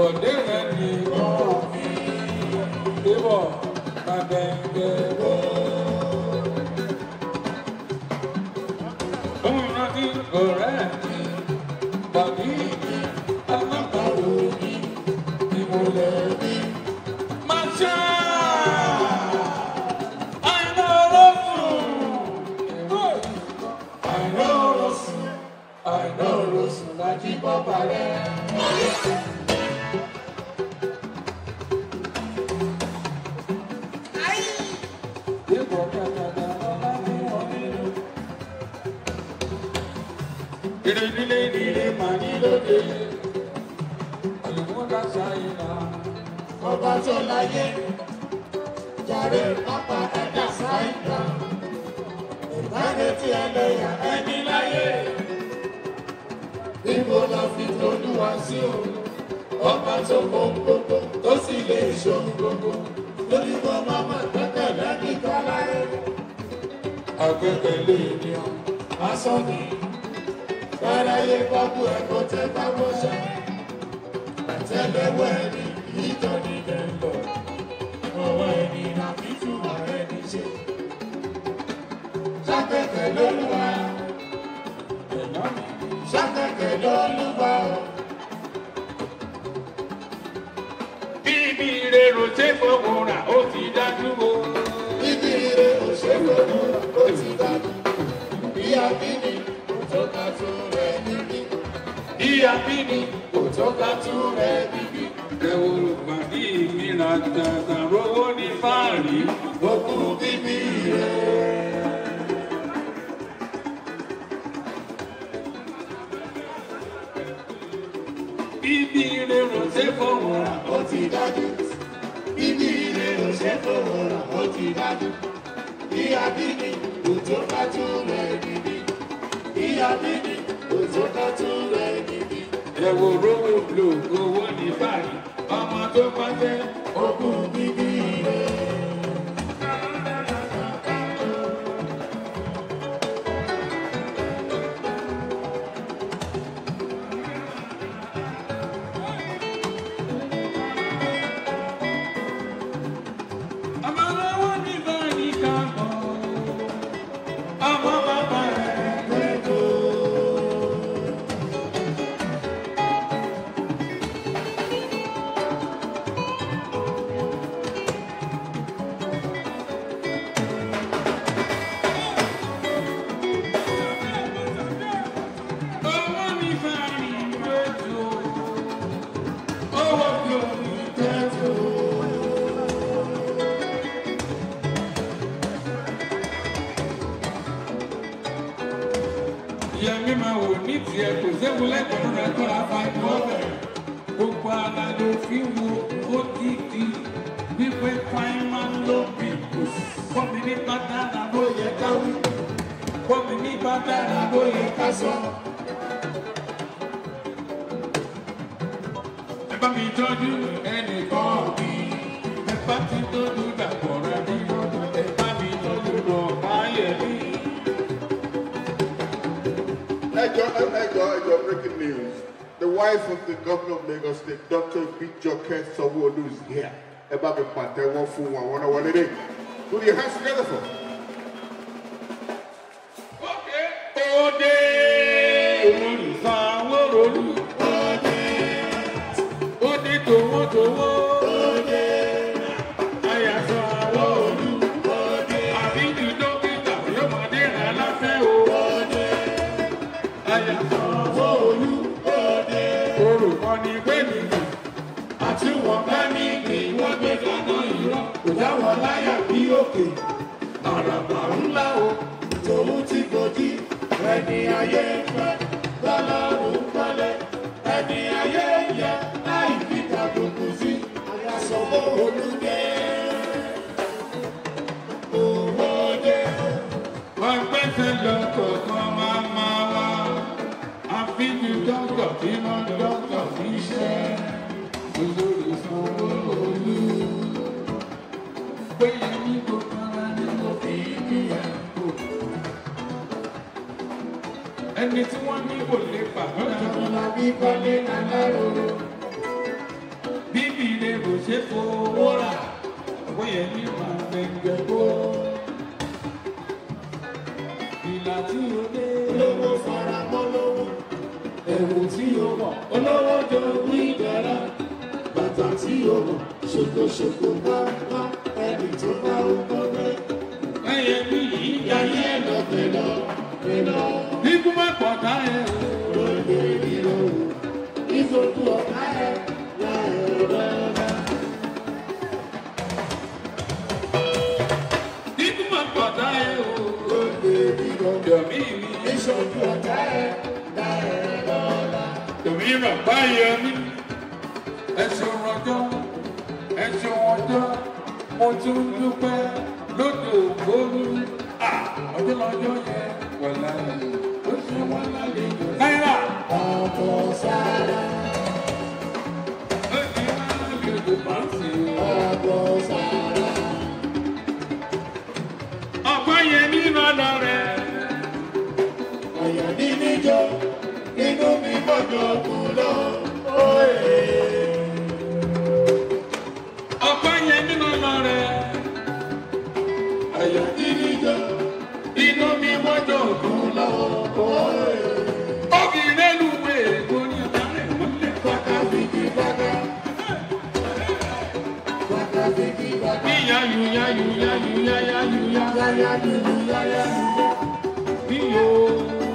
Bọ̀dé rẹ̀ ni ọ̀rọ̀ débọ̀ gbàgbẹ́gbẹ́ wọ́. Òun rántí ọ̀rẹ́ mi, bàbí alábàárò mi, ìmọ̀lẹ́. Èrè nílé nílé mà ní lóde. Àyẹ̀wò láṣà ìlà. Ọba tó láyé. Jàre pápá ẹ̀dá sáìdá. Ìbáre tí ẹlẹ́yà ẹni láyé. Ibo la fi tọ́jú wá sí o. Ọba tó kọ gbogbo fáráyé kọ́kú ẹ̀kọ́ tẹ bá mọ́ṣẹ́ àtẹlẹwọ́ ẹni ìtọ́ni dẹ́ńbọ̀ ọwọ́ ẹni làbítúmọ̀ ẹni ṣe ṣàkẹ́kẹ́ lólúwa ṣàkẹ́kẹ́ lólúwa o. bíbí rẹ̀ ò ṣe fọwọ́ rà ó ti dájú o. bíbí rẹ̀ ò ṣe fọwọ́ rà ó ti dájú. ìyá bíi. a bí ni kò tó ká tún rẹ bíbí. Ẹ̀wòrò pàdé ìmìlà tàtà rówó ní fáàrí, ó kú bíbí rẹ̀. Bíbí ilé ránṣẹ́ fọwọ́ rà Bíbí ẹ̀wò rówó blò owó ní báyìí ọmọ tó pàṣẹ tiẹ̀ kò séwu lẹ́kọ̀ọ́ rẹ̀ tọ́ra fa ẹ̀kọ́ rẹ̀ gbogbo ara ló fi wo OTT wípé fáìmá ló bì kù kọ́mi ní bàtàrà ló yẹ ká wí kọ́mi ní bàtàrà ló yẹ ká sọ. ẹ bá mi tọ́jú ẹ. wife of the governor of Lagos State, Dr. Bijoke Sawolu, is here. About the mi pàtẹ́wọ́ fún wọn, àwọn náà one dé. Put your hands together for òkè àràbà ńlá o tòun ti gòjì ẹni ayé fẹ́ gbọ́lọ́run pẹ́lẹ́ ẹni ayé yẹ láì fi tàbùkù sí àyàsọ́wọ́ olùdé. Òwòdé ọgbẹ́sẹ̀ lọ́kọ̀ kan máa máa wá àfi ní dọ́kítọ̀ tí wọ́n dọ́kítọ̀ fi ṣe olórí fún olórí. ẹni tí wọ́n ní kò lè pa. ọ̀nà bí kọ́lé nàlá roro. bíbí lè rò ṣe fowó rà bóyá ní màá gbẹ̀gbẹ̀ kó. ìlà tí o dé. olówó fara mọ́ lówó. ẹ̀wù tí o wọ̀. olówó jọ ní ìdára. bàtà tí o wọ̀. ṣòkòṣòkò bá bá ẹni tó bá o bọ́ bẹ́ẹ̀. ẹyẹ mi yìí. yàyẹ lọ pẹ̀lú pẹ̀lú ikú má pọ̀ ká ẹ̀ o. Olóògbé mi ò ìsòkú ọ̀ká ẹ̀ láàrin ọ̀gá. Ikú má pọ̀ ká ẹ̀ o. Olóògbé mi ò dọ̀mí mi ìsòkú ọ̀ká ẹ̀ láàrin ọ̀gá. Tòmí rà báyọ̀ mi, ẹ̀sùn rọjọ́, ẹ̀sùn ọjọ́, mo náírà. ọkọ̀ sára. ọkọ̀ sára. ọ̀pọ̀ yẹn ní lọ́dọ̀ rẹ̀. ọ̀yàn ní níjọ́ nínú mímọ́jọ́ kú lọ. ó èè. Yíyá yíyá yíyá yíyá yíyá yíyá yíyá yíyá yíyá yíyá yíyá.